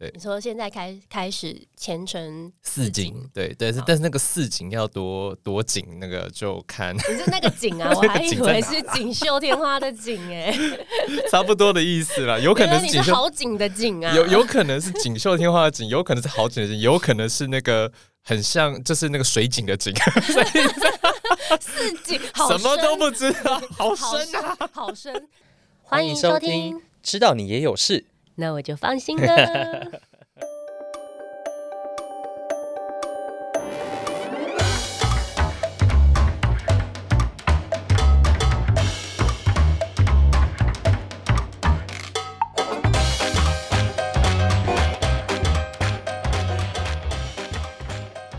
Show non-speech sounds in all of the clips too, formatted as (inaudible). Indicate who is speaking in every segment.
Speaker 1: 對你
Speaker 2: 說現在開開始前程
Speaker 1: 似錦，對，但好是但是那個似錦要多多錦，那個就看。你說那個錦啊，我還以為是
Speaker 2: 錦繡天花的景，欸》的錦哎，
Speaker 1: 差不多的意思了。有可能是，景是，是好
Speaker 2: 景》的景啊，有有可
Speaker 1: 能是錦繡天花》的景，有可能是好景，的景，有可能是那個很像就是那個水井的井。
Speaker 2: 什麼都不知道，好深啊， (laughs) 好深。好深，
Speaker 1: 歡迎收聽，知道你也有事。那我就
Speaker 2: 放心了。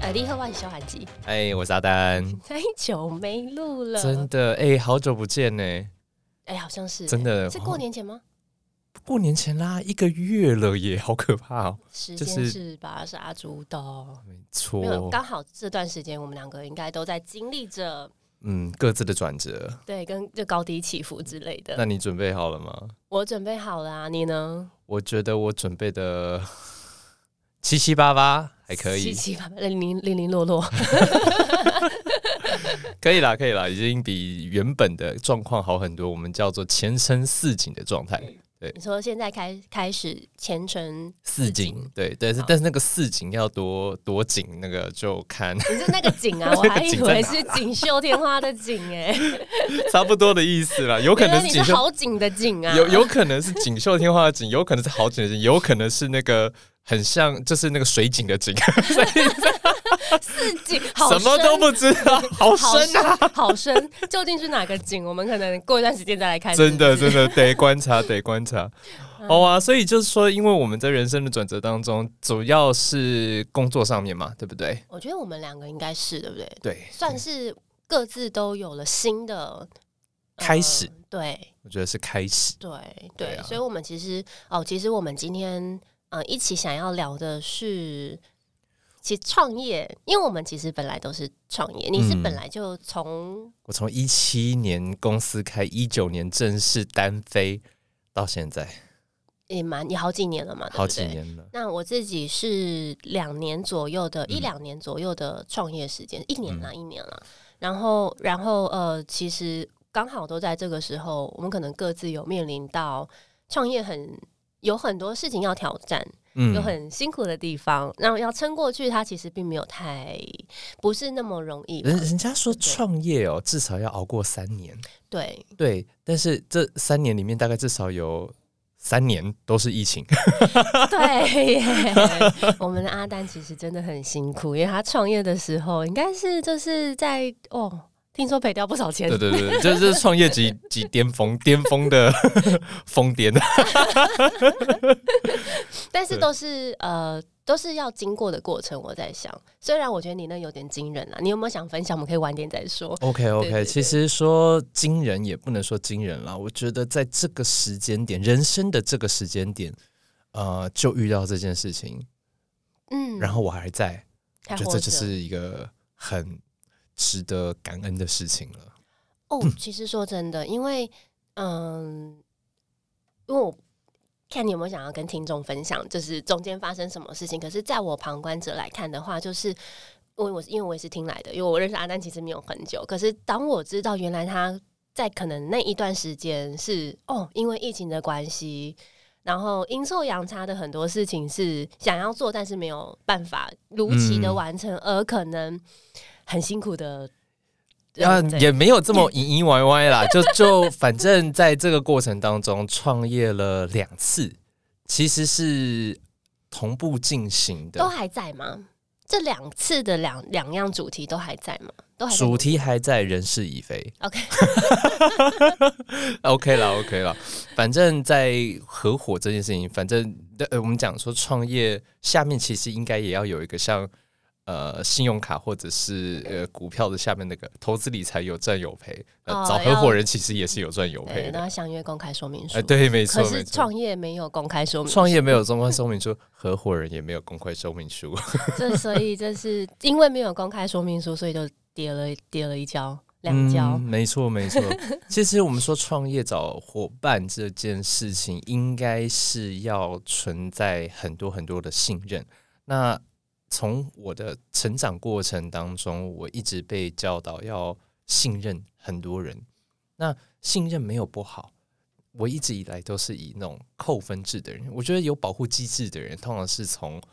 Speaker 2: 阿力歡迎小韓吉，
Speaker 1: 哎，我是阿丹，
Speaker 2: (laughs) 太久沒錄了，真
Speaker 1: 的，哎，好久不見呢，
Speaker 2: 哎，好像是真的、欸，是過年前嗎？哦
Speaker 1: 過年前啦，一個月了也好可怕哦，喔。時間是
Speaker 2: 把殺豬刀，就是、沒
Speaker 1: 錯錯，沒有剛好
Speaker 2: 這段時間，我們兩個應該都在經歷着
Speaker 1: 嗯各自的轉折，
Speaker 2: 對，跟就高低起伏之類的。嗯、那
Speaker 1: 你準備好了嗎？
Speaker 2: 我準備好了，啊，你呢？
Speaker 1: 我覺得我準備的七七八八還可以，七七
Speaker 2: 八八零零零零落落，
Speaker 1: (laughs) (laughs) 可以啦，可以啦。已經比原本的狀況好很多，我們叫做前程似錦的狀態。對你
Speaker 2: 說現在開開始前程似錦，
Speaker 1: 對，但好是但是那個似錦要多多錦，那個就看。
Speaker 2: 你說那個錦啊，我還以為是錦繡天花的錦誒、欸， (laughs)
Speaker 1: 差不多的意思啦，有可能是，景是，是好
Speaker 2: 景的景啊，有有可
Speaker 1: 能是錦繡天花的景，有可能是好景的景，有可能是那個。很像，就是那個水井的井，
Speaker 2: 水井、四井，什麼都不知道，好深啊，好深，究竟是哪個井？我們可能過一段時間再來看。真的，真
Speaker 1: 的得觀察，得觀察。好啊，所以就是說，因為我們在人生的轉折當中，主要是工作上面嘛，對不對？
Speaker 2: 我覺得我們兩個應該是，對不對？對，算是各自都有了新的
Speaker 1: 開始。對，我覺得是開始。
Speaker 2: 對對，所以我們其實哦，其實我們今天。啊、呃，一起想要聊的是，其實創業，因為我們其實本來都是創業，嗯、你是本來就從
Speaker 1: 我從一七年公司開，一九年正式單飛到現在，
Speaker 2: 也蠻，也好幾年了嘛，好幾年了對對。那我自己是兩年左右的，嗯、一兩年左右的創業時間，嗯、一年了，一年了。嗯、然後，然後呃，其實剛好都在這個時候，我們可能各自有面臨到創業很。有很多事情要挑戰，有很辛苦的地方，嗯、然後要撐過去，他其實並沒有太，不是那麼容易。人
Speaker 1: 人家說創業哦、喔，對至少要熬過三年，對對。但是這三年裡面，大概至少有三年都是疫情。
Speaker 2: 對，我們的阿丹其實真的很辛苦，因為他創業的時候，應該是就是在哦，聽說賠掉不少錢。對對對，就是創
Speaker 1: 業級級巔峰，巔峰的瘋癲。呵
Speaker 2: 呵 (laughs) 但是都是呃，都是要經過的過程。我在想，雖然我覺得你那有點驚人了，你有沒有想分享？我們可以晚點再說。OK OK，對對對對其
Speaker 1: 實說驚人也不能說驚人了。我覺得在這個時間點，人生的這個時間點，呃，就遇到這件事情。嗯。然後我還在，還活著我覺得這就是一個很。值得感恩的事情
Speaker 2: 了。哦，其實說真的，因為嗯，因為我看你有沒有想要跟聽眾分享，就是中間發生什麼事情。可是，在我旁觀者來看的話，就是我，我是因為我也是聽來的，因為我認識阿丹其實沒有很久。可是，當我知道原來他在可能那一段時間是哦，因為疫情的關係，然後陰錯陽差的很多事情是想要做，但是沒有辦法如期的完成，嗯、而可能。很辛苦的，
Speaker 1: 啊，也沒有這麼膩膩歪歪啦， (laughs) 就就反正在這個過程當中創業了兩次，其實是同步進行的。都還
Speaker 2: 在嗎？這兩次的兩兩樣主題都還在
Speaker 1: 嗎？都還主題還在，人事已非。OK，OK 了，OK 了、 (laughs) (laughs) okay okay。反正，在合夥這件事情，反正呃，我們講說創業下面其實應該也要有一個像。呃，信用卡或者是呃股票的下面那個投資理財有賺有賠，呃、哦，找合夥人其實也是有賺有賠、哦。那
Speaker 2: 相約公開說明書，哎、欸，對，沒錯。可是創業沒有公開說明，創業沒有公
Speaker 1: 開說明書，合夥人也沒有公開說明書。這
Speaker 2: 所以這是因為沒有公開說明書，所以就跌了跌了一跤兩跤。沒
Speaker 1: 錯、嗯，沒錯。沒 (laughs) 其實我們說創業找夥伴這件事情，應該是要存在很多很多的信任。那從我的成長過程當中，我一直被教導要信任很多人。那信任沒有不好。我一直以來都是以那種扣分制的人。我覺得有保護機制的人，通常是從、
Speaker 2: 呃、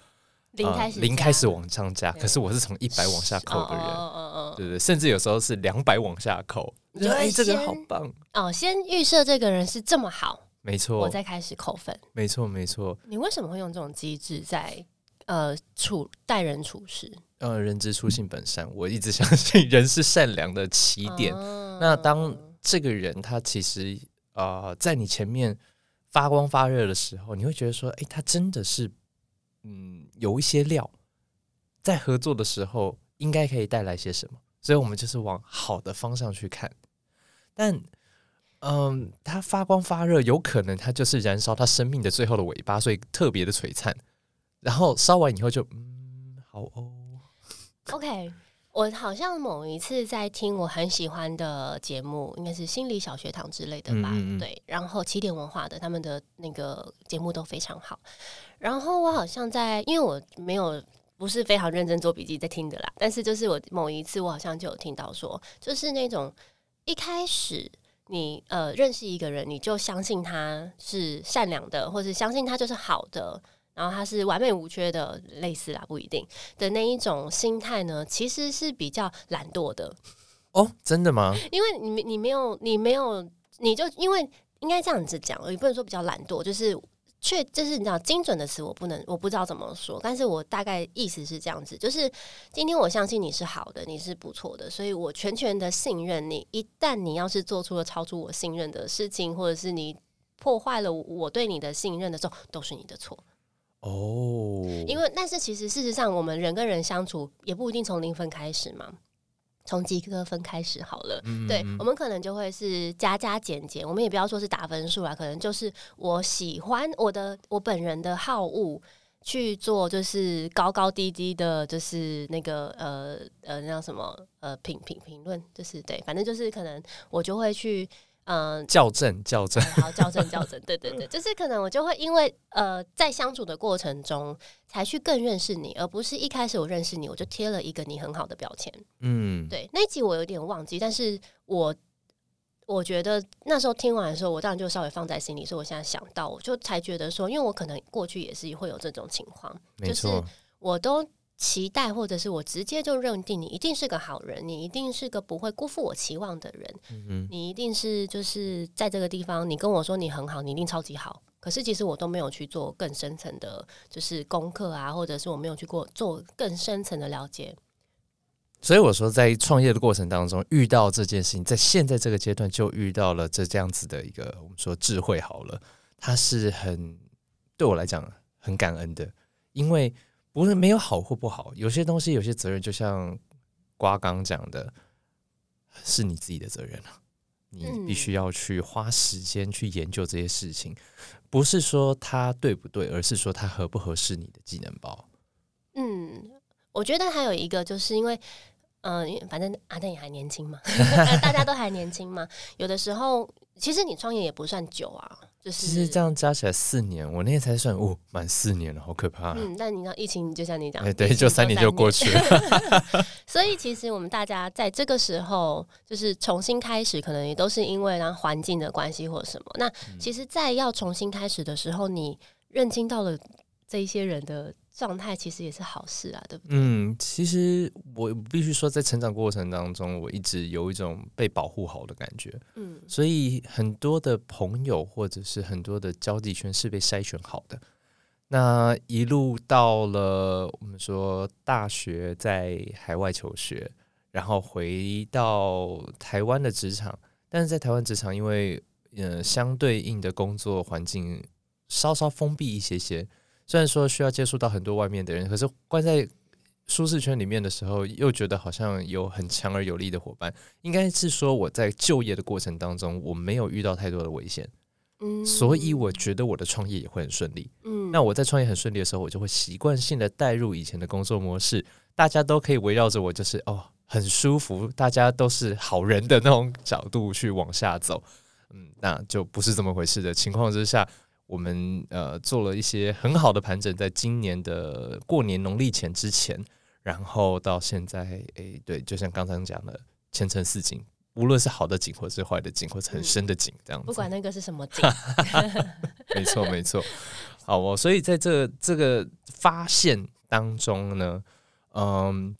Speaker 2: 零開始零開始
Speaker 1: 往上加。對。可是我是從一百往下扣的人，哦哦哦、對不對對，甚至有時候是兩百往下扣。你哎，這個、欸、好棒
Speaker 2: 哦！先預設這個人是這麼好，
Speaker 1: 沒錯錯，我再
Speaker 2: 開始扣分，
Speaker 1: 沒錯沒錯。
Speaker 2: 你為什麼會用這種機制在？呃，處待人處事，
Speaker 1: 呃，人之初性本善，我一直相信人是善良的起點。哦、那當這個人他其實呃在你前面發光發熱的時候，你會覺得說，哎、欸，他真的是，嗯，有一些料。在合作的時候，應該可以帶來些什麼。所以我們就是往好的方向去看。但，嗯、呃，他發光發熱，有可能他就是燃燒他生命的最後的尾巴，所以特別的璀璨。然後燒完以後就，嗯，好
Speaker 2: 哦，OK，我好像某一次在聽我很喜歡的節目，應該是心理小學堂之類的吧？嗯、對，然後起點文化的他們的那個節目都非常好。然後我好像在，因為我沒有不是非常認真做筆記在聽的啦，但是就是我某一次我好像就有聽到說，就是那種一開始你呃認識一個人，你就相信他是善良的，或是相信他就是好的。然後他是完美無缺的，類似啦，不一定的那一種心態呢，其實是比較懶
Speaker 1: 惰的。哦，真的嗎？
Speaker 2: 因為你你沒有你沒有，你就因為應該這樣子講，也不能說比較懶惰，就是確就是你知道精準的詞，我不能我不知道怎麼說，但是我大概意思是這樣子，就是今天我相信你是好的，你是不錯的，所以我全權的信任你。一旦你要是做出了超出我信任的事情，或者是你破壞了我，我對你的信任的時候，都是你的錯。
Speaker 1: 哦，oh, 因為
Speaker 2: 但是其實事實上，我們人跟人相處也不一定從零分開始嘛，從及格分開始好了。Mm hmm. 對，我們可能就會是加加減減，我們也不要說是打分數啦，可能就是我喜歡我的我本人的好惡去做，就是高高低低的，就是那個呃呃那叫什麼呃評評評論，就是對，反正就是可能我就會去。嗯、呃，校正校正，好，校正校正，對對對，就是可能我就會因為呃，在相處的過程中才去更認識你，而不是一開始我認識你我就貼了一個你很好的標籤。嗯，對，那一集我有點忘記，但是我我覺得那時候聽完的時候，我當然就稍微放在心裡，所以我現在想到，我就才覺得說，因為我可能過去也是會有這種情況，
Speaker 1: 沒錯，
Speaker 2: 就是我都。期待或者是我直接就認定你一定是個好人，你一定是個不會辜負我期望的人，嗯、哼你一定是就是在這個地方，你跟我說你很好，你一定超級好。可是其實我都沒有去做更深層的，就是功課啊，或者是我沒有去過做更深層的了解。
Speaker 1: 所以我說，在創業的過程當中遇到這件事情，在現在這個階段就遇到了這這樣子的一個我們說智慧好了，它是很對我來講很感恩的，因為。不是沒有好或不好，有些東西，有些責任，就像瓜剛講的，是你自己的責任了、啊。你必須要去花時間去研究這些事情，嗯、不是說它對不對，而是說它合不合適你的技能包。
Speaker 2: 嗯，我覺得還有一個，就是因為，嗯、呃，反正阿丹、啊、那你還年輕嘛， (laughs) 大家都還年輕嘛，有的時候其實你創業也不算久啊。
Speaker 1: 就是、其實這樣加起來四年，我那才算哦，滿四年了，好可怕、啊。嗯，
Speaker 2: 但你知道疫情就像你講，哎、欸，對，就三年就過去了。三 (laughs) 所以其實我們大家在這個時候，就是重新開始，可能也都是因為然後環境的關係或什麼。那其實，在要重新開始的時候，你認清到了這一些人的。狀態其實也是好事啊，對不對？嗯，
Speaker 1: 其實我必須說，在成長過程當中，我一直有一種被保護好的感覺。嗯，所以很多的朋友或者是很多的交際圈是被篩選好的。那一路到了我們說大學，在海外求學，然後回到台灣的職場，但是在台灣職場，因為嗯、呃、相對應的工作環境稍稍封閉一些些。雖然說需要接觸到很多外面的人，可是關在舒適圈裡面的時候，又覺得好像有很強而有力的夥伴。應該是說我在就業的過程當中，我沒有遇到太多的危險，嗯，所以我覺得我的創業也會很順利，嗯。那我在創業很順利的時候，我就會習慣性的帶入以前的工作模式，大家都可以圍繞着我，就是哦，很舒服，大家都是好人的那種角度去往下走，嗯，那就不是這麼回事的情況之下。我們呃做了一些很好的盤整，在今年的過年農曆前之前，然後到現在，哎，對，就像剛才講的，前程似錦，無論是好的景，或是壞的景，或是很深的景，這樣子，嗯，不管
Speaker 2: 那個是什麼景，
Speaker 1: (laughs) (laughs) 沒錯沒錯，好，哦，我所以在這這個發現當中呢，嗯，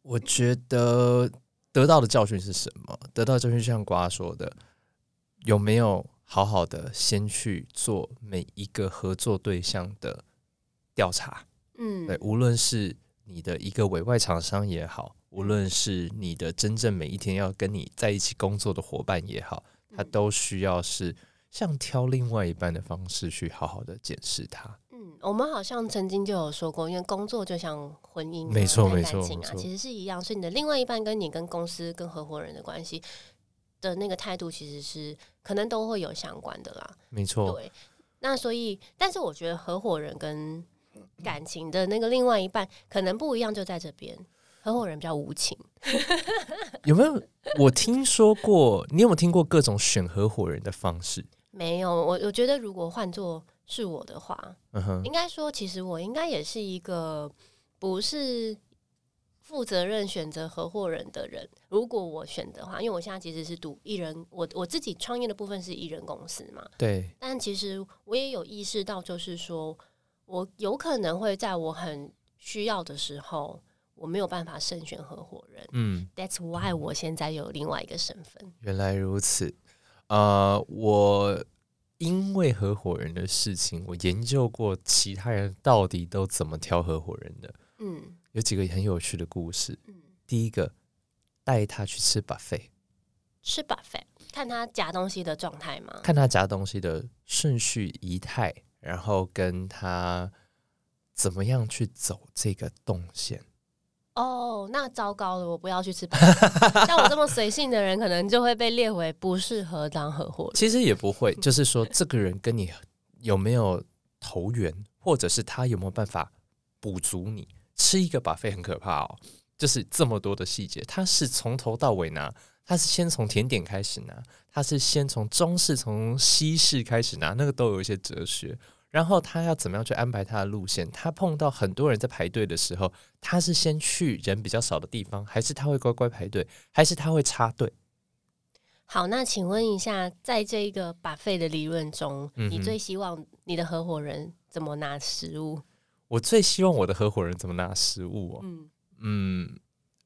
Speaker 1: 我覺得得到的教訓是什麼？得到的教訓像瓜說的，有沒有？好好的，先去做每一個合作對象的調查。嗯，對，無論是你的一個委外廠商也好，無論是你的真正每一天要跟你在一起工作的伙伴也好，他都需要是像挑另外一半的方式去好好的檢視他。
Speaker 2: 嗯，我們好像曾經就有說過，因為工作就像婚姻，沒錯沒錯啊，錯其實是一樣。錯所以你的另外一半跟你跟公司跟合夥人的關係。的那個態度其實是可能都會有相關的啦，沒錯。對，那所以，但是我覺得合夥人跟感情的那個另外一半可能不一樣，就在這邊，合夥人比較無情。
Speaker 1: (laughs) 有沒有？我聽說過，你有沒有聽過各種選合夥人的方式？
Speaker 2: (laughs) 沒有，我我覺得如果換作是我的話，嗯哼，應該說其實我應該也是一個不是。負責任選擇合夥人的人，如果我選的話，因為我現在其實是獨一人，我我自己創業的部分是一人公司嘛。對。但其實我也有意識到，就是說我有可能會在我很需要的時候，我沒有辦法慎選合夥人。嗯。That's why 我現在有另外一個身份。
Speaker 1: 嗯。原來如此。呃，我因為合夥人的事情，我研究過其他人到底都怎麼挑合夥人的。嗯。有幾個很有趣的故事。嗯，第一個帶他去吃 buffet，
Speaker 2: 吃 buffet 看他夾東西的狀態嗎？看他
Speaker 1: 夾東西的順序、儀態，然後跟他怎麼樣去走這個動線。
Speaker 2: 哦，那糟糕了，我不要去吃 buffet。 (laughs) 像我這麼隨性的人，可能就會被列為不適合當合夥。
Speaker 1: 其實也不會， (laughs) 就是說這個人跟你有沒有投緣，或者是他有沒有辦法補足你。吃一個巴菲很可怕哦，就是這麼多的細節，他是從頭到尾拿，他是先從甜點開始拿，他是先從中式從西式開始拿，那個都有一些哲學。然後他要怎麼樣去安排他的路線？他碰到很多人在排隊的時候，他是先去人比較少的地方，還是他會乖乖排隊，還是他會插隊？
Speaker 2: 好，那請問一下，在這個巴菲的理論中，你最希望你的合夥人怎麼拿食物？
Speaker 1: 我最希望我的合夥人怎麼拿食物哦，嗯嗯，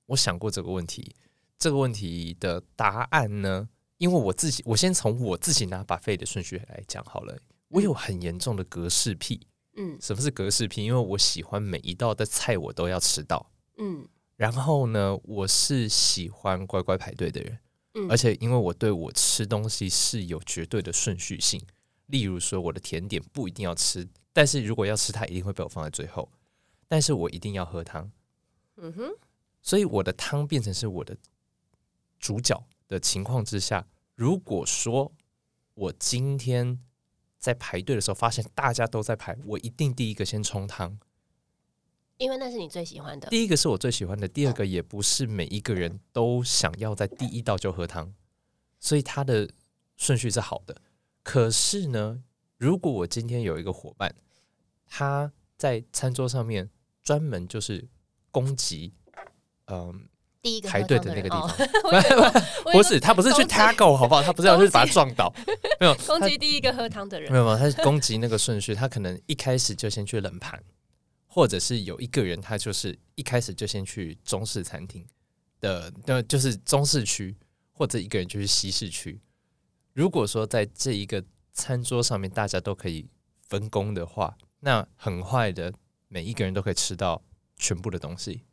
Speaker 1: 我想過這個問題。這個問題的答案呢，因為我自己，我先從我自己拿 buffet 的順序來講好了。我有很嚴重的格式癖。嗯，什麼是格式癖？因為我喜歡每一道的菜，我都要吃到。嗯，然後呢，我是喜歡乖乖排隊的人。嗯，而且因為我對我吃東西是有絕對的順序性。例如說，我的甜點不一定要吃。但是如果要吃它，它一定會被我放在最後。但是我一定要喝湯。嗯哼，所以我的湯變成是我的主角的情況之下，如果說我今天在排隊的時候發現大家都在排，我一定第一個先衝湯。
Speaker 2: 因為那是你最喜歡的？第一
Speaker 1: 個是我最喜歡的，第二個也不是每一個人都想要在第一道就喝湯，所以他的順序是好的。可是呢，如果我今天有一個夥伴，他在餐桌上面專門就是攻擊，嗯、呃，第一個排隊的那個地方，哦、 (laughs) 不是擊他不是去 tackle 好不好？他不是要去把他撞倒，擊沒有攻
Speaker 2: 擊第一個喝湯的人，沒有沒有，他是攻
Speaker 1: 擊那個順序，他可能一開始就先去冷盤， (laughs) 或者是有一個人他就是一開始就先去中式餐廳的，那就是中式區，或者一個人就是西式區。如果說在這一個餐桌上面大家都可以分工的話。那很快的，每一個人都可以吃到全部的東西，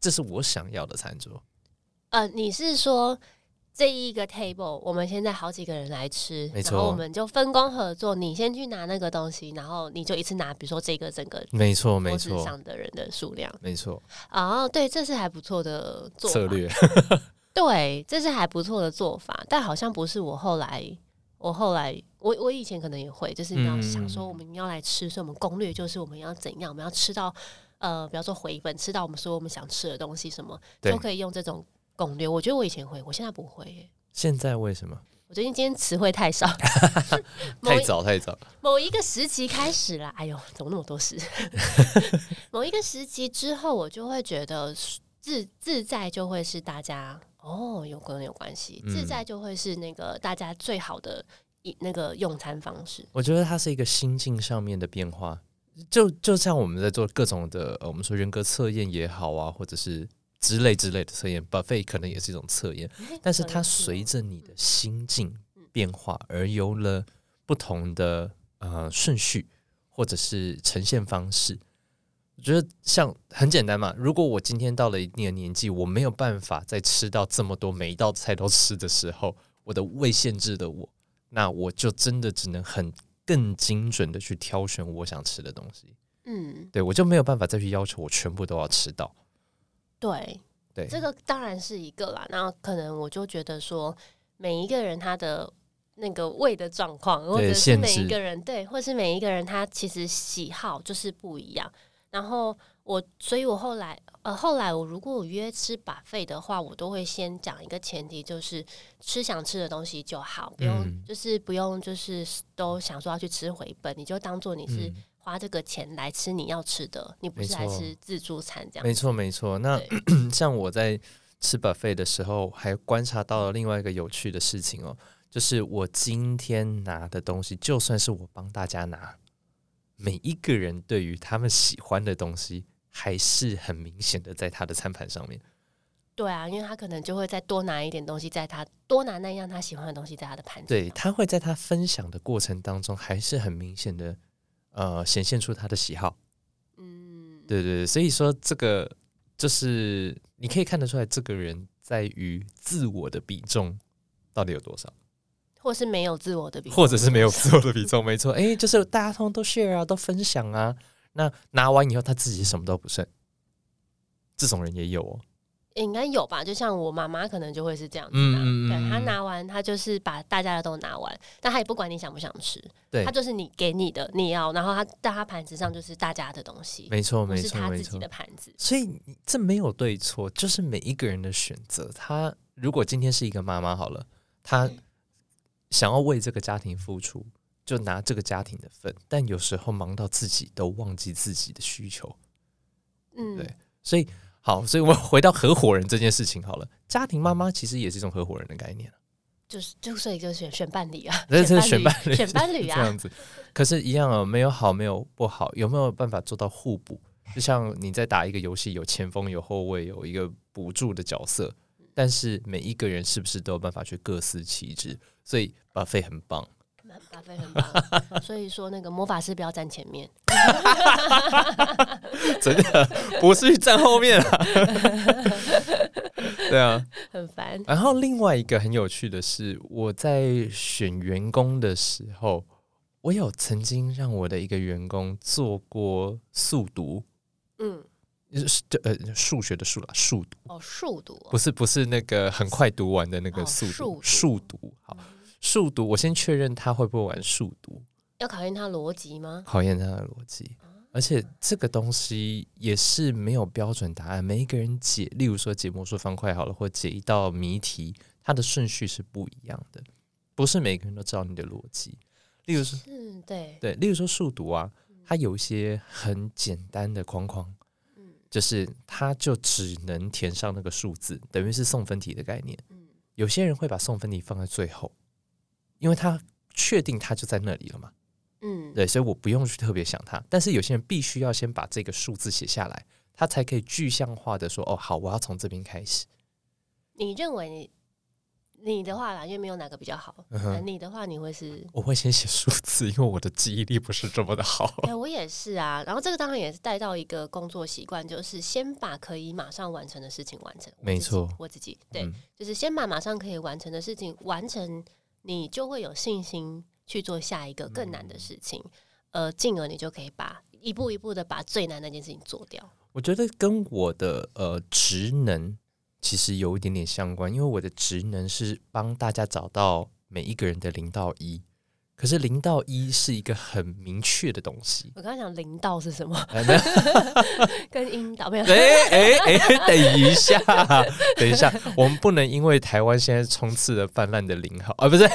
Speaker 1: 這是我想要的餐桌。
Speaker 2: 呃，你是說這一,一個 table 我們現在好幾個人來吃，沒錯然後我們就分工合作，你先去拿那個東西，然後你就一次拿，比如說這個整個
Speaker 1: 沒錯沒錯，公司上
Speaker 2: 的人的數量沒錯哦，oh, 對，這是還不錯的做法策略， (laughs) 對，這是還不錯的做法，但好像不是我後來。我後來，我我以前可能也會，就是你要想說我們要來吃，嗯、所以我們攻略就是我們要怎樣，我們要吃到呃，比方說回本，吃到我們說我們想吃的東西，什麼都對可以用這種攻略。我覺得我以前會，我現在不會耶。
Speaker 1: 現在為什麼？
Speaker 2: 我覺得今天詞彙太少 (laughs) 一 (laughs) 太，太早太早，某一個時期開始了。哎呦，怎麼那麼多事？ (laughs) 某一個時期之後，我就會覺得自自在就會是大家。哦，有可能有關係。自在就會是那個大家最好的一那個用餐方式。嗯，
Speaker 1: 我覺得它是一個心境上面的變化，就就像我們在做各種的，呃，我們說人格測驗也好啊，或者是之類之類的測驗，buffet 可能也是一種測驗，但是它隨着你的心境變化而有了不同的呃順序或者是呈現方式。我覺得像很簡單嘛，如果我今天到了一定的年紀，我沒有辦法再吃到這麼多，每一道菜都吃的時候，我的胃限制的我，那我就真的只能很更精準的去挑選我想吃的東西。嗯，對，我就沒有辦法再去要求我全部都要吃到。對對，對這個
Speaker 2: 當然是一個啦。那可能我就覺得說，每一個人他的那個胃的狀況，或者是每一個人對，對，或是每一個人他其實喜好就是不一樣。然後我，所以我後來，呃，後來我如果我約吃 buffet 的話，我都會先講一個前提，就是吃想吃的東西就好，嗯、不用就是不用就是都想說要去吃回本，你就當做你是花這個錢來吃你要吃的，嗯、你不是來吃自助餐這樣子。沒錯
Speaker 1: 沒錯，那對像我在吃 buffet 的時候，還觀察到了另外一個有趣的事情哦，就是我今天拿的東西，就算是我幫大家拿。每一個人對於他們喜歡的東西還是很明顯的，在他的餐盤上面。
Speaker 2: 對啊，因為他可能就會再多拿一點東西，在他多拿那樣他喜歡的東西，在他的盤子上。對，
Speaker 1: 他會在他分享的過程當中還是很明顯的，呃，顯現出他的喜好。嗯，對對對，所以說這個就是你可以看得出來，這個人在於自我的比重到底有多少。
Speaker 2: 或是沒有自我的比或者是沒有自我
Speaker 1: 的比重， (laughs) 沒錯。哎、欸，就是大家通通都 share 啊，都分享啊。那拿完以後，他自己什麼都不剩。這種人也有哦，
Speaker 2: 欸、應該有吧？就像我媽媽，可能就會是這樣子的。嗯嗯，對，她拿完，她就是把大家的都拿完，但她也不管你想不想吃。對，她就是你給你的，你要，然後她在她盤子上就是大家的東西，沒錯錯，不是她自己的盤子。
Speaker 1: 所以這沒有對錯，就是每一個人的選擇。她如果今天是一個媽媽好了，她、嗯。想要為這個家庭付出，就拿這個家庭的份，但有時候忙到自己都忘記自己的需求。嗯，對，所以好，所以我回到合夥人這件事情好了。家庭媽媽其實也是一種合夥人的概念，
Speaker 2: 就是就是一個選選伴侶啊，就對是，是選伴侶，選伴侶這樣子。
Speaker 1: 啊、可是，一樣啊、哦，沒有好，沒有不好，有沒有辦法做到互補？就像你在打一個遊戲，有前鋒，有後衛，有一個輔助的角色，但是每一個人是不是都有辦法去各司其職？所以巴菲很棒，巴菲很棒。
Speaker 2: (laughs) 所以說那個魔法師不要站前面，
Speaker 1: (laughs)
Speaker 2: (laughs) 真的，不是站後面 (laughs) 對啊，很煩煩。然
Speaker 1: 後另外一個很有趣的是，我在選員工的時候，我有曾經讓我的一個員工做過速讀，嗯，是呃數學的數啦，數獨，
Speaker 2: 哦、數獨哦，數獨，
Speaker 1: 不是不是那個很快讀完的那個速速讀，哦，讀，讀，好。數獨，我先確認他會不會玩數獨？
Speaker 2: 要考驗他邏輯嗎？
Speaker 1: 考驗他的邏輯，啊、而且這個東西也是沒有標準答案，啊、每一個人解，例如說解魔術方塊好了，或解一道謎題，它的順序是不一樣的，不是每個人都知道你的邏輯。例如說，
Speaker 2: 是，對，
Speaker 1: 對，例如說數獨啊，嗯、它有一些很簡單的框框，嗯，就是它就只能填上那個數字，等於是送分題的概念。嗯，有些人會把送分題放在最後。因為他確定他就在那裡了嘛，嗯，對，所以我不用去特別想他。但是有些人必須要先把這個數字寫下來，他才可以具象化的說：“哦，好，我要從這邊開始。”
Speaker 2: 你認為你，你的話啦，因為沒有哪個比較好。嗯哼，你的話，你會是？
Speaker 1: 我會先寫數字，因為我的記憶力不是這麼的好。
Speaker 2: 哎，我也是啊。然後這個當然也是帶到一個工作習慣，就是先把可以馬上完成的事情完成。沒錯，我自己對，嗯、就是先把馬上可以完成的事情完成。你就會有信心去做下一個更難的事情，嗯、呃，進而你就可以把一步一步的把最難的那件事情做掉。
Speaker 1: 我覺得跟我的呃職能其實有一點點相關，因為我的職能是幫大家找到每一個人的零到一。可是零到一是一個很明確的東西。我
Speaker 2: 剛剛講零到是什麼？ (laughs) 跟陰道不一樣。哎哎哎，等一下，等一下，
Speaker 1: 我們不能因為台灣現在充斥了泛濫的零號啊，不是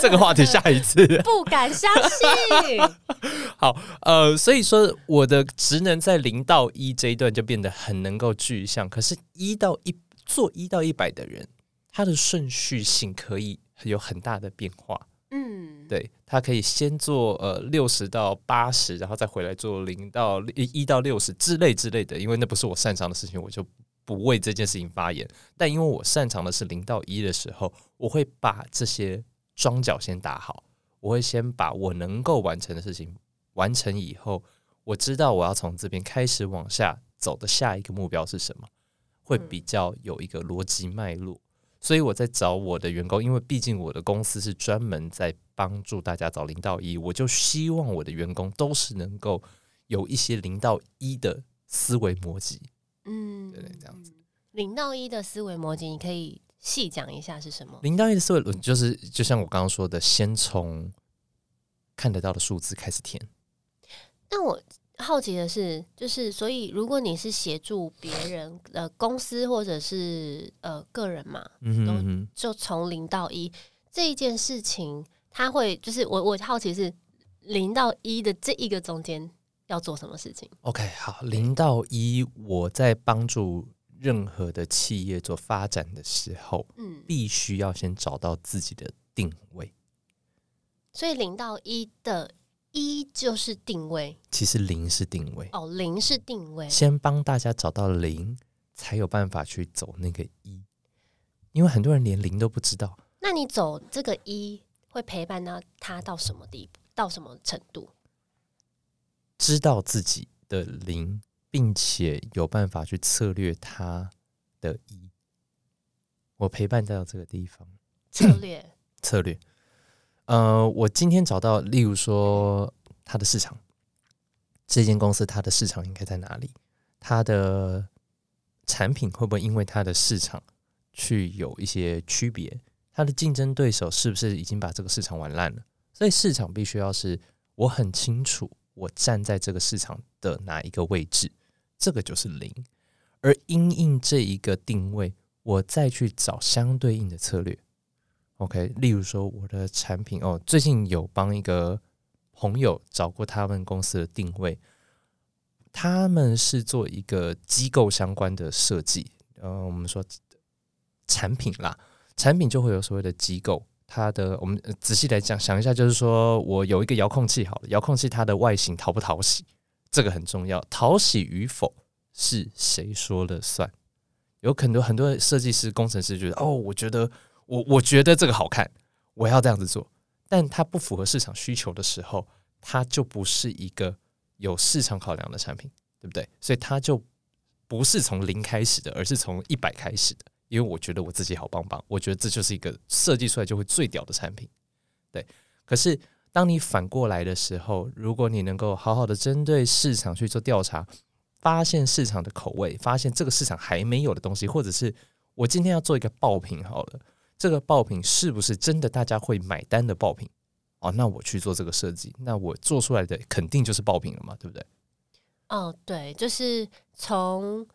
Speaker 1: 這個話題，下一次。不敢相信。 (laughs) 好，呃，所以說我的職能在零到一這一段就變得很能夠具象。可是，一到一做一到一百的人，他的順序性可以有很大的變化。嗯，對，他可以先做呃六十到八十，然後再回來做零到一、一到六十之類之類的，因為那不是我擅長的事情，我就不為這件事情發言。但因為我擅長的是零到一的時候，我會把這些樁腳先打好，我會先把我能夠完成的事情完成以後，我知道我要從這邊開始往下走的下一個目標是什麼，會比較有一個邏輯脈絡。嗯。所以我在找我的員工，因為畢竟我的公司是專門在幫助大家找零到一，我就希望我的員工都是能夠有一些零到一的思維邏輯。嗯，對，
Speaker 2: 對這樣子。嗯、零到一的思維模型你可以細講一下是什麼？
Speaker 1: 零到一的思維就是，就像我剛剛說的，先從看得到的數字開始填。那
Speaker 2: 我。好奇的是，就是所以，如果你是協助別人呃公司，或者是呃個人嘛，嗯
Speaker 1: 哼嗯哼，
Speaker 2: 就從零到一這一件事情，他會就是我我好奇的是零到一的這一個中間要做什麼事情
Speaker 1: ？OK，好，零到一，我在幫助任何的企業做發展的時候，嗯，必須要先找到自己的定位，
Speaker 2: 所以零到一的。一就是定位，
Speaker 1: 其實零是定位。哦，
Speaker 2: 零是定位，先
Speaker 1: 幫大家找到零，才有辦法去走那個一。因為很多人連零都不知道。
Speaker 2: 那你走這個一會陪伴到他到什麼地步？到什麼程度？
Speaker 1: 知道自己的零，並且有辦法去策略他的一。我陪伴到這個地方。
Speaker 2: 策略，
Speaker 1: (laughs) 策略。呃，我今天找到，例如說它的市場，這間公司它的市場應該在哪裡？它的產品會不會因為它的市場去有一些區別？它的競爭對手是不是已經把這個市場玩爛了？所以市場必須要是我很清楚，我站在這個市場的哪一個位置，這個就是零。而因應這一個定位，我再去找相對應的策略。OK，例如說我的產品哦，最近有幫一個朋友找過他們公司的定位，他們是做一個機構相關的設計。嗯、呃，我們說產品啦，產品就會有所謂的機構，它的，我們仔細來講想一下，就是說我有一個遙控器，好了，遙控器它的外形討不討喜，這個很重要，討喜與否是誰說了算？有很多很多設計師工程師覺得，哦，我覺得。我我覺得這個好看，我要這樣子做，但它不符合市場需求的時候，它就不是一個有市場考量的產品，對不對？所以它就不是從零開始的，而是從一百開始的。因為我覺得我自己好棒棒，我覺得這就是一個設計出來就會最屌的產品，對。可是當你反過來的時候，如果你能夠好好的針對市場去做調查，發現市場的口味，發現這個市場還沒有的東西，或者是我今天要做一個爆品，好了。這個爆品是不是真的大家會買單的爆品？哦，oh，那我去做這個設計，那我做出來的肯定就是爆品了嘛，對不對？
Speaker 2: 哦，oh，對，就是從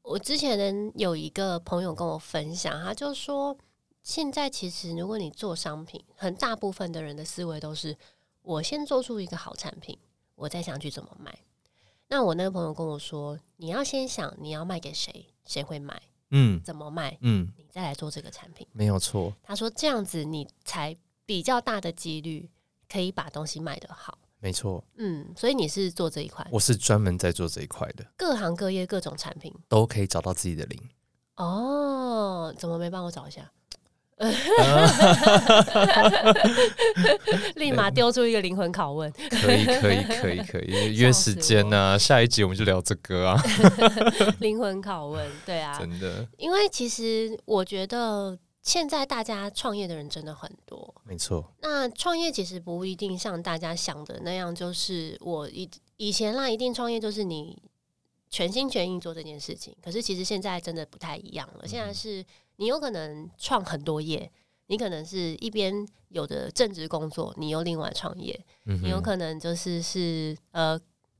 Speaker 2: 我之前有一個朋友跟我分享，他就說，現在其實如果你做商品，很大部分的人的思維都是我先做出一個好產品，我再想去怎麼賣。那我那個朋友跟我說，你要先想你要賣給誰，誰會買。嗯，怎麼賣？嗯，你再來做這個產品，
Speaker 1: 沒有錯。
Speaker 2: 他說，這樣子你才比較大的幾率可以把東西賣得好，沒錯。嗯，所以你是做這一塊，
Speaker 1: 我是專門在做這一塊的。
Speaker 2: 各行各業各種產品
Speaker 1: 都可以找到自己的零。
Speaker 2: 哦，怎麼沒幫我找一下？
Speaker 1: (laughs) 立馬丟
Speaker 2: 出一個靈魂拷問、欸，可以可以可以可以，可以
Speaker 1: 可以 (laughs) 約時間呢？啊？死下一集我們就聊這個啊
Speaker 2: (laughs) 靈魂拷問，對啊，真的。因為其實我覺得現在大家創業的人真的很多，沒錯 錯。那創業其實不一定像大家想的那樣，就是我以以前那一定創業就是你全心全意做這件事情。可是其實現在真的不太一樣了，現在是。你有可能創很多業，你可能是，一邊有著正職工作，你又另外創業，嗯哼。你有可能就是是呃，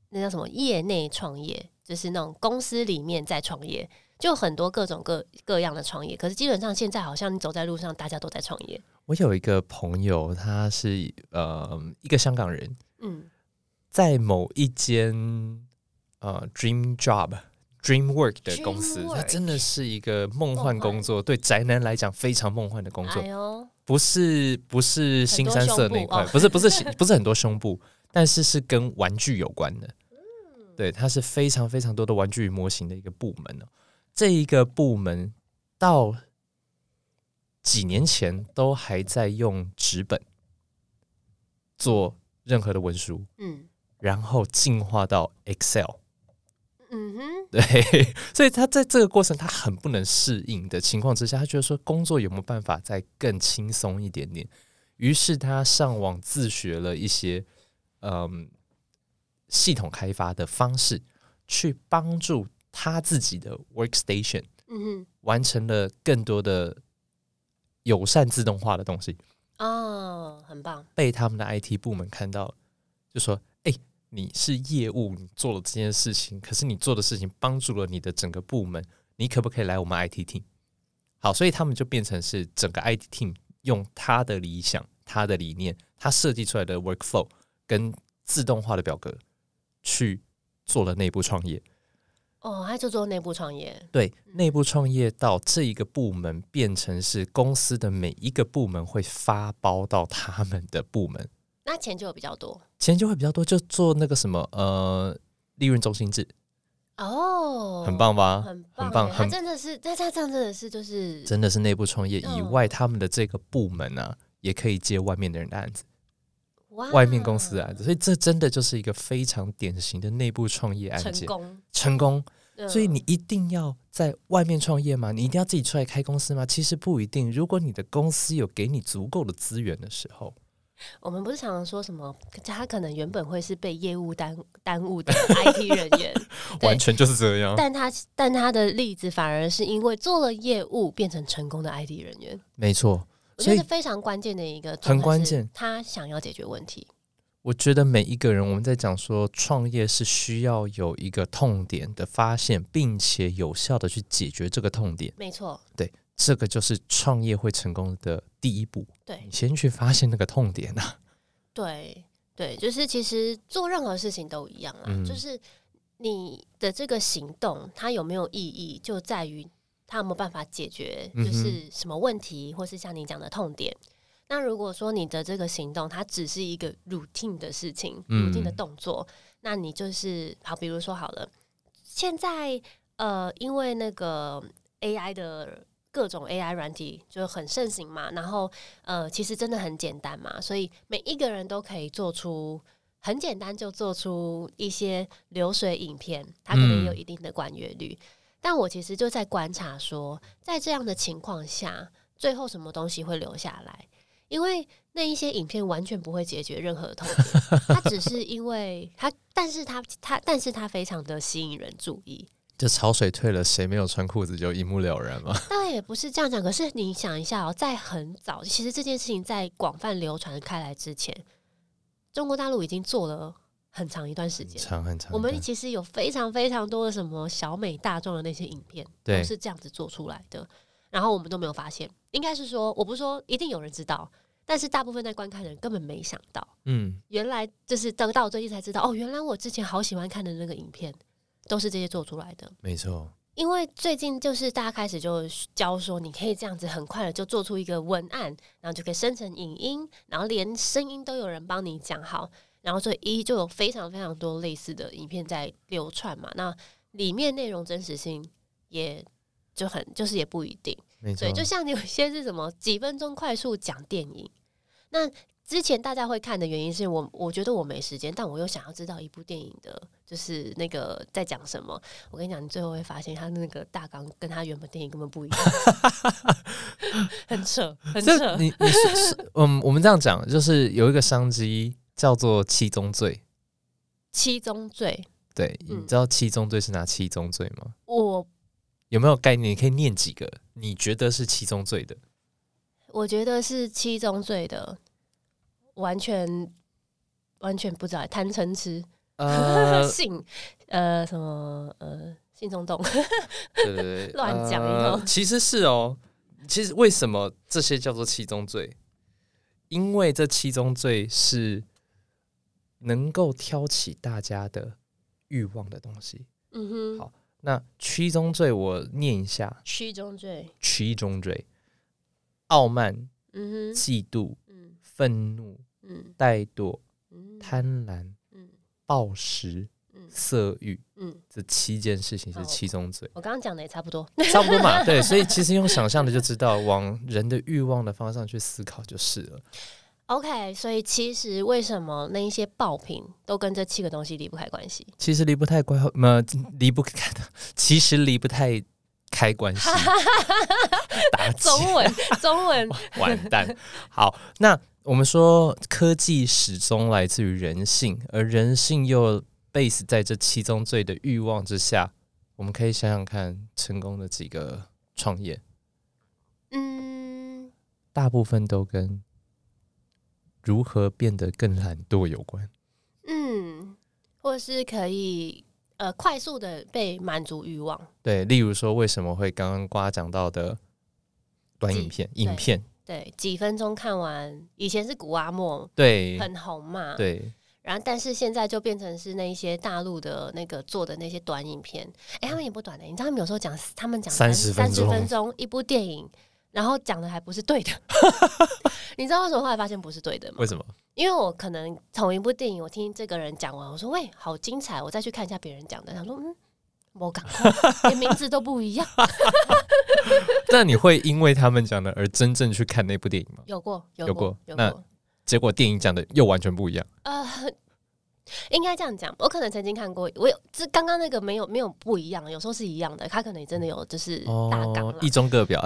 Speaker 2: 那叫什麼？業內創業，就是那種公司裡面在創業，就很多各種各各樣的創業。可是基本上現在好像你走在路上，大家都在創業。
Speaker 1: 我有一個朋友，他是呃一個香港人，嗯，在某一間呃 dream job。Dreamwork 的公司，work 它真的是一個夢幻工作，幻對宅男來講非常夢幻的工作。呦不是不是新三色那塊，不是、哦、不是不是很多胸部， (laughs) 但是是跟玩具有關的。嗯、對，它是非常非常多的玩具模型的一個部門哦。這一個部門到幾年前都還在用紙本做任何的文書，嗯、然後進化到 Excel。嗯哼，對，所以他在這個過程他很不能適應的情況之下，他覺得說工作有沒有辦法再更輕鬆一點點？於是他上網自學了一些嗯系統開發的方式，去幫助他自己的 workstation，嗯哼，完成了更多的友善自動化的東西。
Speaker 2: 哦，很棒！
Speaker 1: 被他們的 IT 部門看到，就說：“哎、欸。”你是業務，你做了這件事情，可是你做的事情幫助了你的整個部門，你可不可以來我們 IT team？好，所以他們就變成是整個 IT team 用他的理想、他的理念、他設計出來的 workflow 跟自動化的表格去做了內部創業。
Speaker 2: 哦，oh, 他就做內部創業，
Speaker 1: 對，內部創業到這一個部門變成是公司的每一個部門會發包到他們的部門。
Speaker 2: 那錢就會比較多，
Speaker 1: 錢就會比較多，就做那個什麼呃，利潤中心制，
Speaker 2: 哦，oh, 很棒吧？很棒很棒，很他真的是，但他這樣真的是就是，
Speaker 1: 真的是內部創業以外，嗯、他們的這個部門呢、啊，也可以接外面的人的案子，
Speaker 2: Wow 外面公
Speaker 1: 司的案子，所以這真的就是一個非常典型的內部創業案件，成功，成功。嗯、所以你一定要在外面創業嗎？你一定要自己出來開公司嗎？其實不一定。如果你的公司有給你足夠的資源的時候。
Speaker 2: 我們不是常常說什麼？他可能原本會是被業務耽耽誤的 IT 人員，
Speaker 1: (laughs) 對完全就是這樣。但
Speaker 2: 他但他的例子反而是因為做了業務，變成成功的 IT
Speaker 1: 人員。沒錯，所以我覺得
Speaker 2: 非常關鍵的一個重點，是，很關鍵。他想要解決問題。
Speaker 1: 我覺得每一個人，我們在講說創業是需要有一個痛點的發現，並且有效的去解決這個痛點。沒錯，對，這個就是創業會成功的。第一步，對，先去發現那個痛點、啊、
Speaker 2: 對對，就是其實做任何事情都一樣啦，嗯、就是你的這個行動它有沒有意義，就在於它有沒有辦法解決，就是什麼問題，或是像你講的痛點。嗯、哼那如果說你的這個行動它只是一個 routine 的事情，routine、嗯、的動作，那你就是好，比如說好了，現在呃，因為那個 AI 的。各種 AI 軟體就很盛行嘛，然後呃，其實真的很簡單嘛，所以每一個人都可以做出很簡單就做出一些流水影片，它可能也有一定的觀閱率。嗯、但我其實就在觀察說，在這樣的情況下，最後什麼東西會留下來？因為那一些影片完全不會解決任何痛點，它只是因為它，但是它它，但是它非常的吸引人注意。
Speaker 1: 就潮水退了，誰沒有穿褲子就一目了然嗎？
Speaker 2: 當然也不是這樣講。可是你想一下哦、喔，在很早，其實這件事情在廣泛流傳開來之前，中國大陸已經做了很長一段時間，我們其實有非常非常多的什麼小美大壯的那些影片，對都是這樣子做出來的。然後我們都沒有發現，應該是說，我不是說一定有人知道，但是大部分在觀看的人根本沒想到。嗯，原來就是等到最近才知道哦，原來我之前好喜歡看的那個影片，都是這些做出來的，
Speaker 1: 沒錯。
Speaker 2: 因為最近就是大家開始就教說，你可以這樣子很快的就做出一個文案，然後就可以生成影音，然後連聲音都有人幫你講好，然後所以一就有非常非常多類似的影片在流傳嘛。那裡面內容真實性也就很，就是也不一定，沒錯。所以就像有些是什麼幾分鐘快速講電影，那。之前大家會看的原因是我，我覺得我沒時間，但我又想要知道一部電影的，就是那個在講什麼。我跟你講，你最後會發現他那個大綱跟他原本電影根本不一樣， (laughs) (laughs) 很扯，很扯。你你是
Speaker 1: 不是，嗯，我們這樣講，就是有一個商機叫做七宗罪。
Speaker 2: 七宗罪，
Speaker 1: 對，你知道七宗罪是哪七宗罪嗎？嗯、我有沒有概念？可以念幾個，你覺得是七宗罪的？
Speaker 2: 我覺得是七宗罪的。完全完全不知道，貪嗔痴，呃、 (laughs) 性，呃，什麼，呃，性衝動 (laughs) 對
Speaker 1: 對對，亂講哦。其實是哦、喔，其實為什麼這些叫做七宗罪？因為這七宗罪是能夠挑起大家的慾望的東西。嗯哼。好，那七宗罪我念一下：七宗罪，七宗罪，七宗罪，傲慢，嗯哼，嫉妒，嗯，憤怒。怠惰、貪婪、嗯、暴食、色欲、嗯，這七件事情是七宗罪。我剛
Speaker 2: 剛講的也差不多，差不多嘛。 (laughs) 對，所以
Speaker 1: 其實用想象的就知道，往人的欲望的方向去思考就是了。
Speaker 2: (laughs) OK，所以其實為什麼那一些爆品都跟這七個東西離不開關係？
Speaker 1: 其實離不太關，呃，離不開其實離不太開關係。
Speaker 2: (laughs) 打起中文，
Speaker 1: 中文 (laughs) 完蛋。好，那。我們說科技始終來自於人性，而人性又 base 在這七宗罪的欲望之下。我們可以想想看，成功的幾個創業，嗯，大部分都跟如何變得更懶惰有關，
Speaker 2: 嗯，或是可以呃快速的被滿足欲望，
Speaker 1: 對，例如說為什麼會剛剛瓜講到的短影片，嗯、影片。
Speaker 2: 對，幾分鐘看完。以前是古阿莫，對，很紅嘛。
Speaker 1: 對，
Speaker 2: 然後但是現在就變成是那些大陸的那個做的那些短影片。哎、欸，他們也不短的，欸。你知道他們有時候講，他們講三十分鐘一部電影，然後講的還不是對的。 (laughs) (laughs) 你知道為什麼後來發現不是對的嗎？為什麼？因為我可能同一部電影，我聽這個人講完，我說喂，好精彩，我再去看一下別人講的。他說嗯，我講快，連名字都不一樣。 (laughs) (laughs)
Speaker 1: 那你會因為他們講的而真正去看那部電影嗎？有過，有過。有過，有過。那結果電影講的又完全不一樣。
Speaker 2: 呃，應該這樣講，我可能曾經看過，我有這剛剛那個沒有沒有不一樣，有時候是一樣的。他可能真的有就是大綱、哦、一中各
Speaker 1: 表。
Speaker 2: (laughs)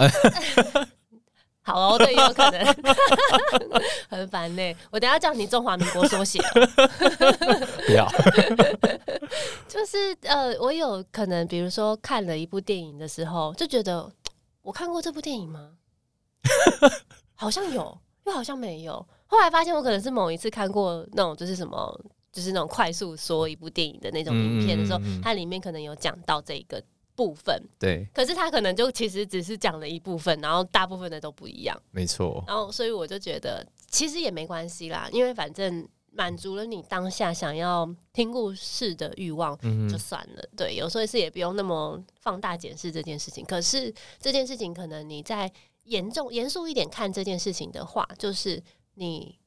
Speaker 2: 好哦，對，有可能。 (laughs) 很煩呢、欸，我等一下叫你中華民國縮寫。 (laughs) 不要。就是呃，我有可能比如說看了一部電影的時候，就覺得。我看過這部電影嗎？ (laughs) 好像有，又好像沒有。後來發現，我可能是某一次看過那種，就是什麼，就是那種快速說一部電影的那種影片的時候，嗯嗯嗯嗯它裡面可能有講到這一個部分。對，可是它可能就其實只是講了一部分，然後大部分的都不一樣。
Speaker 1: 沒錯。然後，
Speaker 2: 所以我就覺得其實也沒關係啦，因為反正。滿足了你當下想要聽故事的慾望，嗯、哼就算了。對，有時候也是也不用那麼放大解釋這件事情。可是這件事情，可能你再嚴重嚴肅一點看這件事情的話，就是你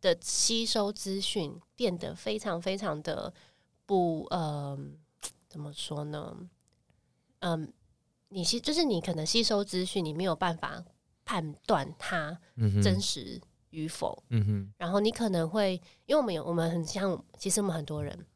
Speaker 2: 的吸收資訊變得非常非常的不……呃，怎麼說呢？嗯，你吸就是你可能吸收資訊，你沒有辦法判斷它真實、嗯。與否，嗯、哼然後你可能會，因為我們有我們很像，其實我們很多人，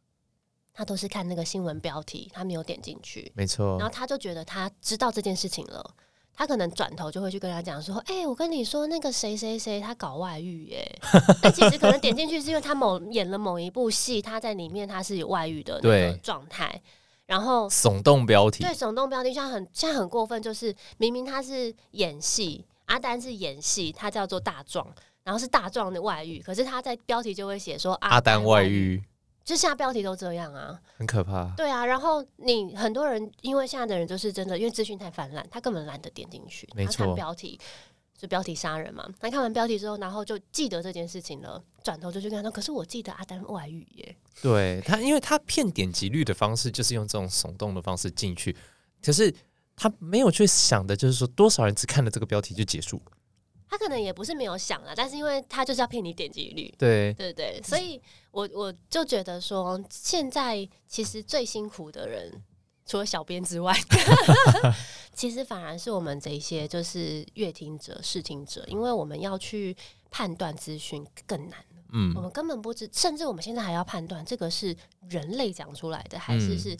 Speaker 2: 他都是看那個新聞標題，他沒有點進去，
Speaker 1: 沒錯，然後他
Speaker 2: 就覺得他知道這件事情了，他可能轉頭就會去跟他講說，哎、欸，我跟你說那個誰誰誰他搞外遇耶， (laughs) 但其實可能點進去是因為他某演了某一部戲，他在裡面他是有外遇的那個狀態，對然後聳
Speaker 1: 動標題，對聳
Speaker 2: 動標題，像很像很過分，就是明明他是演戲，阿丹是演戲，他叫做大壯。然後是大壯的外遇，可是他在標題就會寫說、啊、阿丹外遇，就下標題都這樣啊，
Speaker 1: 很可怕。
Speaker 2: 對啊，然後你很多人因為現在的人就是真的，因為資訊太泛濫，他根本懶得點進去，他看標題就，沒錯，標題殺人嘛。他看完標題之後，然後就記得這件事情了，轉頭就去跟他說。可是我記得阿丹外遇耶，
Speaker 1: 對，他，因為他騙點擊率的方式就是用這種聳動的方式進去，可是他沒有去想的就是說，多少人只看了這個標題就結束。
Speaker 2: 他可能也不是沒有想啦，但是因為他就是要騙你點擊率，對，對對對，所以我我就覺得說，現在其實最辛苦的人，除了小編之外， (laughs) (laughs) 其實反而是我們這一些就是閱聽者、試聽者，因為我們要去判斷資訊更難，嗯，我們根本不知，甚至我們現在還要判斷這個是人類講出來的，還是是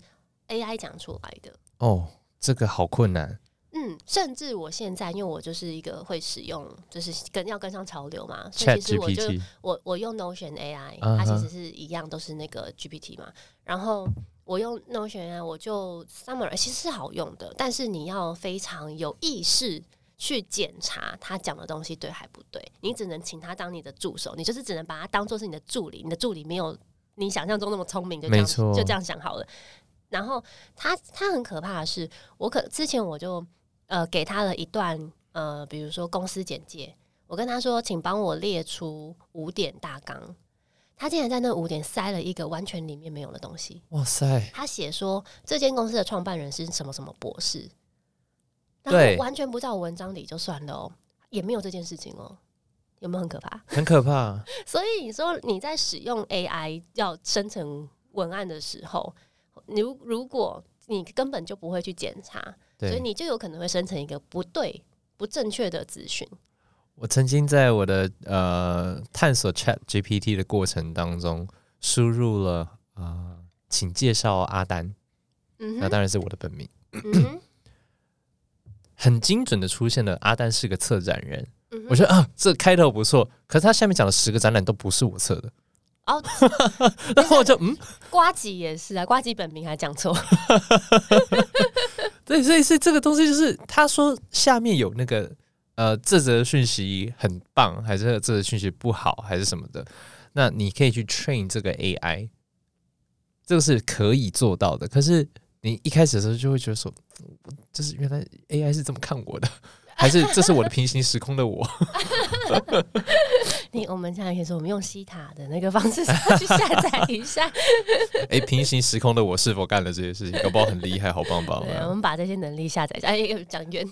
Speaker 2: AI 講出來的、嗯、
Speaker 1: 哦，這個好困難。
Speaker 2: 嗯，甚至我現在，因為我就是一個會使用，就是跟要跟上潮流嘛，Chat, 所以其實我就 GPT. 我我用 Notion AI，Uh-huh. 它其實是一樣，都是那個 GPT 嘛。然後我用 Notion AI，我就 Summer，其實是好用的，但是你要非常有意識去檢查他講的東西對還不對。你只能請他當你的助手，你就是只能把他當做是你的助理，你的助理沒有你想象中那麼聰明，就這樣，沒錯，就這樣想好了。然後他他很可怕的是，我可之前我就呃給他了一段呃，比如說公司簡介，我跟他說，請幫我列出五點大綱。他竟然在那五點塞了一個完全裡面沒有的東西！
Speaker 1: 哇塞！
Speaker 2: 他寫說這間公司的創辦人是什麼什麼博士，
Speaker 1: 對，然後完
Speaker 2: 全不在我文章裡就算了哦，也沒有這件事情哦，有沒有很可怕？
Speaker 1: 很可怕！
Speaker 2: (laughs) 所以你說你在使用 AI 要生成文案的時候。如如果你根本就不會去檢查，對所以你就有可能會生成一個不對、不正確的資訊。
Speaker 1: 我曾經在我的呃探索 Chat GPT 的過程當中，輸入了啊、呃，請介紹阿丹。嗯哼那當然是我的本名、嗯哼。 (coughs) 很精準的出現了，阿丹是個策展人。嗯哼，我覺得啊，這開頭不錯，可是他下面講的十個展覽都不是我策的。哦，oh, (laughs) 然後我就， (laughs) 後就嗯，
Speaker 2: 呱吉也是啊，呱吉本名還講錯，
Speaker 1: (laughs) (laughs) 對，所以是這個東西，就是他說下面有那個呃，這則訊息很棒，還是這則訊息不好，還是什麼的？那你可以去 train 這個 AI，這個是可以做到的。可是你一開始的時候就會覺得說，就是原來 AI 是這麼看我的，還是這是我的平行時空的我？ (laughs) (laughs)
Speaker 2: 我們下一次我們用西塔的那個方式去下載一下，誒、 (laughs) (laughs) 欸，平
Speaker 1: 行時空的我是否幹了這些事情？好不很厲害，好棒棒、啊對啊！我們
Speaker 2: 把這些能力下載一下，也有講員。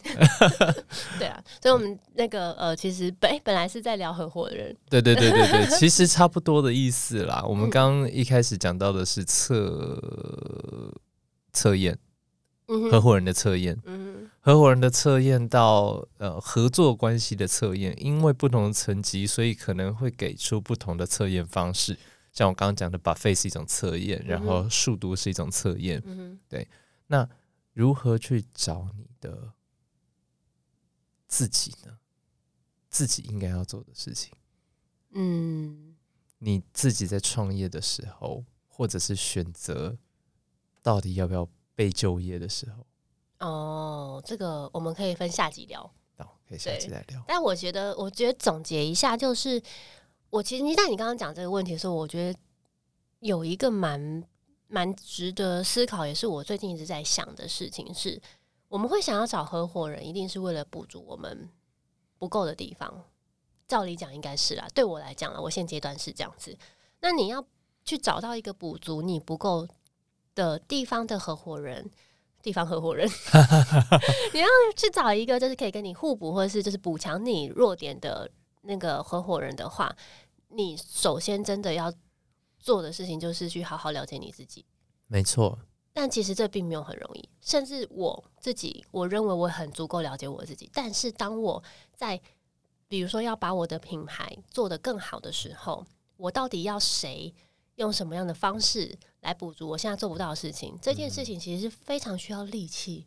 Speaker 2: (laughs) 對啊，所以我們那個呃，其實本、欸、本來是在聊合夥人。對對對對對， (laughs) 其實
Speaker 1: 差不多的意思啦。我們剛一開始講到的是測測驗。合夥人的測驗，嗯嗯、合夥人的測驗到呃合作關係的測驗，因為不同的層級，所以可能會給出不同的測驗方式。像我剛剛講的，buffet 是一種測驗，然後數獨是一種測驗。對，那如何去找你的自己呢？自己應該要做的事情。嗯，你自己在創業的時候，或者是選擇到底要不要？被就業的時候，
Speaker 2: 哦，oh, 這個我們可以分下集聊，到、oh, 可以下集再聊。但我覺得，我覺得總結一下，就是我其實一旦你在你剛剛講這個問題的時候，我覺得有一個蠻蠻值得思考，也是我最近一直在想的事情是，我們會想要找合夥人，一定是為了補足我們不夠的地方。照理講應該是啦，對我來講啦，我現階段是這樣子。那你要去找到一個補足你不夠。的地方的合夥人，地方合夥人， (laughs) 你要去找一個就是可以跟你互補，或者是就是補強你弱點的那個合夥人的話，你首先真的要做的事情就是去好好了解你自己。
Speaker 1: 沒錯，
Speaker 2: 但其實這並沒有很容易，甚至我自己我認為我很足夠了解我自己，但是當我在比如說要把我的品牌做得更好的時候，我到底要誰？用什麼樣的方式來補足我現在做不到的事情？這件事情其實是非常需要力氣，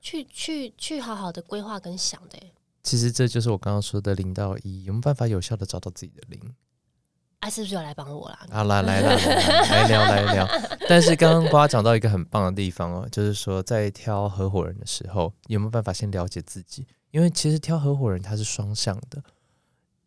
Speaker 2: 去去去好好的規劃跟想的，欸。
Speaker 1: 其實這就是我剛剛說的零到一，有沒有辦法有效的找到自己的零？
Speaker 2: 哎，是不是要來幫我啦？啊啦，來來來聊來聊。來聊 (laughs) 但是剛剛瓜
Speaker 1: 講到一個很棒的地方哦，就是說在挑合夥人的時候，有沒有辦法先了解自己？因為其實挑合夥人他是雙向的。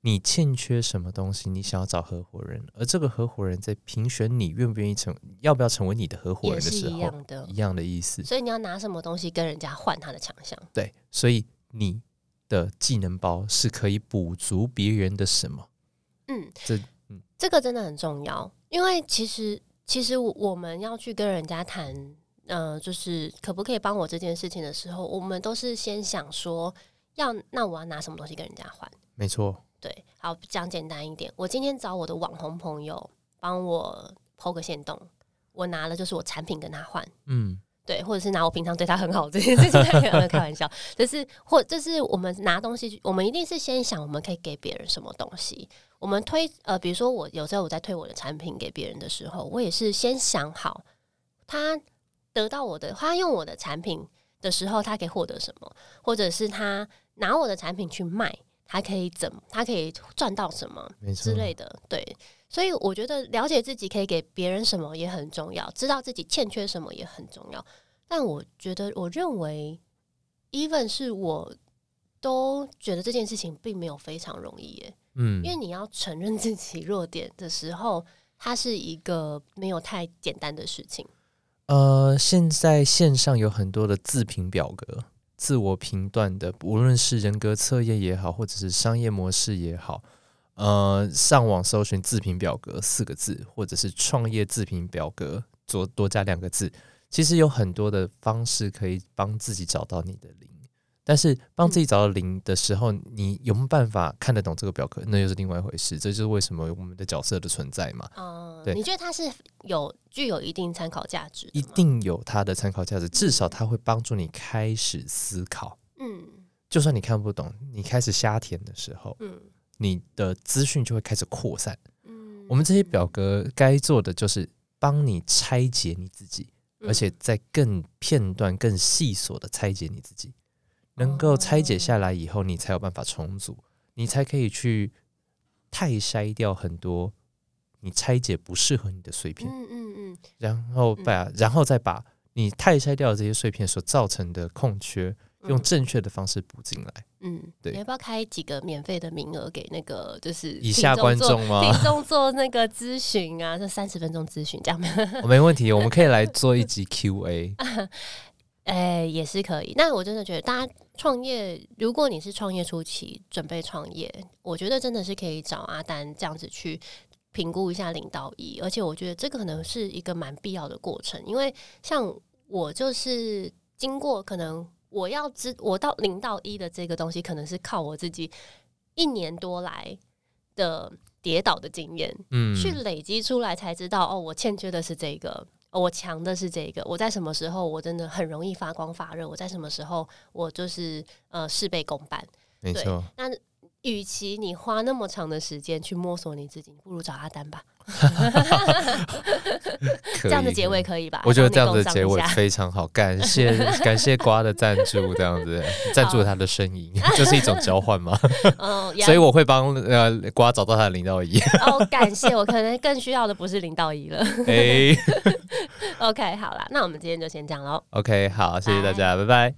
Speaker 1: 你欠缺什麼東西？你想要找合夥人，而這個合夥人在評選你願不願意成，要不要成為你的合夥人的時候，一樣，一樣的意思。所以你
Speaker 2: 要拿什麼東西跟人家換他的強項？對，
Speaker 1: 所以你的技能包是可以補足別人的什麼？嗯，這嗯，
Speaker 2: 這個真的很重要，因為其實其實我們要去跟人家談，嗯，呃，就是可不可以幫我這件事情的時候，我們都是先想說要，要那我要拿什麼東西跟人家換？沒錯。對，好，講簡單一點。我今天找我的網紅朋友幫我 PO 個限動，我拿了就是我產品跟他換。嗯，對，或者是拿我平常對他很好這件事情開玩笑，就是或就是我們拿東西，我們一定是先想我們可以給別人什麼東西。我們推呃，比如說我有時候我在推我的產品給別人的時候，我也是先想好他得到我的，他用我的產品的時候，他可以獲得什麼，或者是他拿我的產品去賣。他可以怎麼？他可以賺到什麼之類的。沒錯。對，所以我覺得了解自己可以給別人什麼也很重要，知道自己欠缺什麼也很重要。但我覺得，我認為，even 是我都覺得這件事情並沒有非常容易耶。嗯，因為你要承認自己弱點的時候，它是一個沒有太簡單的事情。
Speaker 1: 呃，現在線上有很多的自評表格。自我評斷的，無論是人格測驗也好，或者是商業模式也好，呃，上網搜尋自評表格四個字，或者是創業自評表格，多多加兩個字，其實有很多的方式可以幫自己找到你的零。但是幫自己找到零的時候，嗯、你有沒有辦法看得懂這個表格？那又是另外一回事。這就是為什麼我們的角色的存在嘛。哦、嗯，
Speaker 2: 對，你覺得它是有具有一定參考價值？一
Speaker 1: 定有它的參考價值，至少它會幫助你開始思考。嗯，就算你看不懂，你開始瞎填的時候，嗯，你的資訊就會開始擴散。嗯，我們這些表格該做的就是幫你拆解你自己，嗯、而且在更片段、更細瑣的拆解你自己。能夠拆解下來以後，你才有辦法重組，你才可以去汰篩掉很多你拆解不適合你的碎片。嗯嗯嗯。嗯嗯，然後把，嗯、然後再把你汰篩掉的這些碎片所造成的空缺，用正確的方式補進來。嗯，對嗯。你
Speaker 2: 要不要開幾個免費的名額給那個就是，以下觀眾嗎？聽眾做那個諮詢啊，這三十分鐘諮詢這樣。我沒問題，我們可以
Speaker 1: 來做一集 Q&A。 (laughs)
Speaker 2: 哎、欸，也是可以。那我真的覺得，大家創業，如果你是創業初期準備創業，我覺得真的是可以找阿丹這樣子去評估一下零到一。而且，我覺得這個可能是一個蠻必要的過程，因為像我就是經過，可能我要知，我到零到一的這個東西，可能是靠我自己一年多來的跌倒的經驗，嗯，去累積出來才知道，哦，我欠缺的是這個。我強的是這個，我在什麼時候我真的很容易發光發熱，我在什麼時候我就是呃事倍功半，沒錯。對，那。與其你花那麼長的時間去摸索你自己，不如找阿丹吧。 (laughs)
Speaker 1: 以這樣的結尾可以吧？我覺得這樣子的結尾非常好。 (laughs) 感謝感謝瓜的贊助，這樣子贊 (laughs) 助他的聲音，這 (laughs) 是一種交換嘛。嗯， (laughs) oh,
Speaker 2: yeah. 所以我會
Speaker 1: 幫呃瓜找到他的零到一。
Speaker 2: 哦 (laughs) ，oh, 感謝我，我可能更需要的不是零到一了。哎 (laughs) Hey.，OK，好啦，那我們今天就先講嘍。
Speaker 1: OK，好，謝謝大家，Bye. 拜拜。